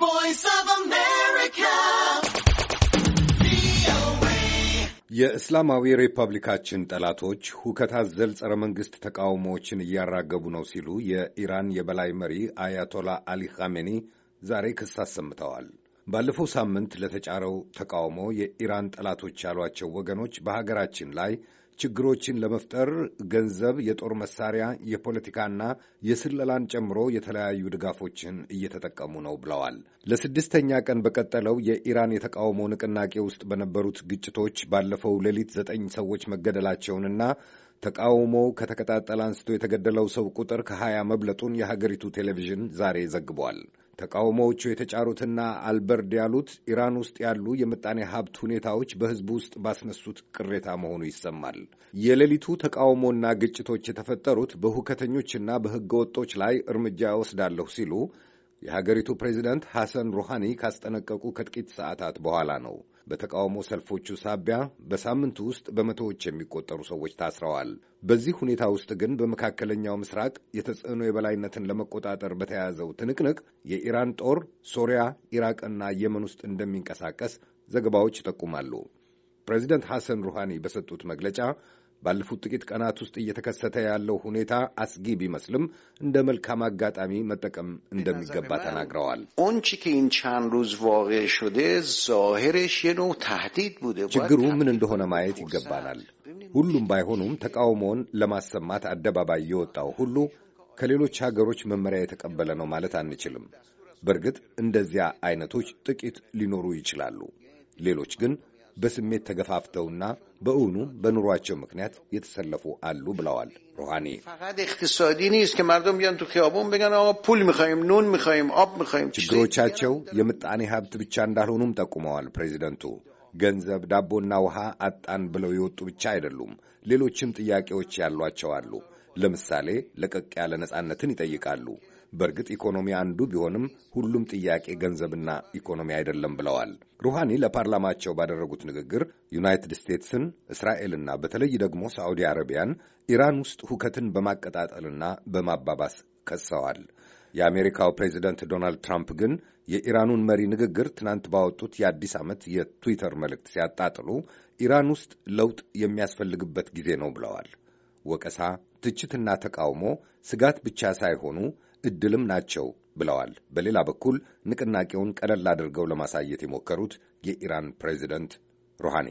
voice of America. የእስላማዊ ሪፐብሊካችን ጠላቶች ሁከት አዘል ጸረ መንግሥት ተቃውሞዎችን እያራገቡ ነው ሲሉ የኢራን የበላይ መሪ አያቶላ አሊ ኻሜኒ ዛሬ ክስ አሰምተዋል። ባለፈው ሳምንት ለተጫረው ተቃውሞ የኢራን ጠላቶች ያሏቸው ወገኖች በሀገራችን ላይ ችግሮችን ለመፍጠር ገንዘብ፣ የጦር መሳሪያ፣ የፖለቲካና የስለላን ጨምሮ የተለያዩ ድጋፎችን እየተጠቀሙ ነው ብለዋል። ለስድስተኛ ቀን በቀጠለው የኢራን የተቃውሞ ንቅናቄ ውስጥ በነበሩት ግጭቶች ባለፈው ሌሊት ዘጠኝ ሰዎች መገደላቸውንና ተቃውሞው ከተቀጣጠለ አንስቶ የተገደለው ሰው ቁጥር ከሀያ መብለጡን የሀገሪቱ ቴሌቪዥን ዛሬ ዘግቧል። ተቃውሞዎቹ የተጫሩትና አልበርድ ያሉት ኢራን ውስጥ ያሉ የምጣኔ ሀብት ሁኔታዎች በሕዝቡ ውስጥ ባስነሱት ቅሬታ መሆኑ ይሰማል። የሌሊቱ ተቃውሞና ግጭቶች የተፈጠሩት በሁከተኞችና በሕገ ወጦች ላይ እርምጃ እወስዳለሁ ሲሉ የሀገሪቱ ፕሬዚደንት ሐሰን ሩሃኒ ካስጠነቀቁ ከጥቂት ሰዓታት በኋላ ነው። በተቃውሞ ሰልፎቹ ሳቢያ በሳምንቱ ውስጥ በመቶዎች የሚቆጠሩ ሰዎች ታስረዋል። በዚህ ሁኔታ ውስጥ ግን በመካከለኛው ምስራቅ የተጽዕኖ የበላይነትን ለመቆጣጠር በተያያዘው ትንቅንቅ የኢራን ጦር ሶሪያ፣ ኢራቅና የመን ውስጥ እንደሚንቀሳቀስ ዘገባዎች ይጠቁማሉ። ፕሬዚደንት ሐሰን ሩሃኒ በሰጡት መግለጫ ባለፉት ጥቂት ቀናት ውስጥ እየተከሰተ ያለው ሁኔታ አስጊ ቢመስልም እንደ መልካም አጋጣሚ መጠቀም እንደሚገባ ተናግረዋል። ችግሩ ምን እንደሆነ ማየት ይገባናል። ሁሉም ባይሆኑም ተቃውሞውን ለማሰማት አደባባይ የወጣው ሁሉ ከሌሎች ሀገሮች መመሪያ የተቀበለ ነው ማለት አንችልም። በእርግጥ እንደዚያ አይነቶች ጥቂት ሊኖሩ ይችላሉ። ሌሎች ግን በስሜት ተገፋፍተውና በእውኑ በኑሯቸው ምክንያት የተሰለፉ አሉ ብለዋል ሩሃኒ። ችግሮቻቸው የምጣኔ ሀብት ብቻ እንዳልሆኑም ጠቁመዋል ፕሬዚደንቱ። ገንዘብ ዳቦና ውሃ አጣን ብለው የወጡ ብቻ አይደሉም። ሌሎችም ጥያቄዎች ያሏቸው አሉ። ለምሳሌ ለቀቅ ያለ ነጻነትን ይጠይቃሉ። በእርግጥ ኢኮኖሚ አንዱ ቢሆንም ሁሉም ጥያቄ ገንዘብና ኢኮኖሚ አይደለም ብለዋል። ሩሃኒ ለፓርላማቸው ባደረጉት ንግግር ዩናይትድ ስቴትስን፣ እስራኤልና በተለይ ደግሞ ሳዑዲ አረቢያን ኢራን ውስጥ ሁከትን በማቀጣጠልና በማባባስ ከሰዋል። የአሜሪካው ፕሬዚደንት ዶናልድ ትራምፕ ግን የኢራኑን መሪ ንግግር ትናንት ባወጡት የአዲስ ዓመት የትዊተር መልእክት ሲያጣጥሉ ኢራን ውስጥ ለውጥ የሚያስፈልግበት ጊዜ ነው ብለዋል። ወቀሳ፣ ትችትና ተቃውሞ ስጋት ብቻ ሳይሆኑ እድልም ናቸው ብለዋል። በሌላ በኩል ንቅናቄውን ቀለል አድርገው ለማሳየት የሞከሩት የኢራን ፕሬዚደንት ሩሃኒ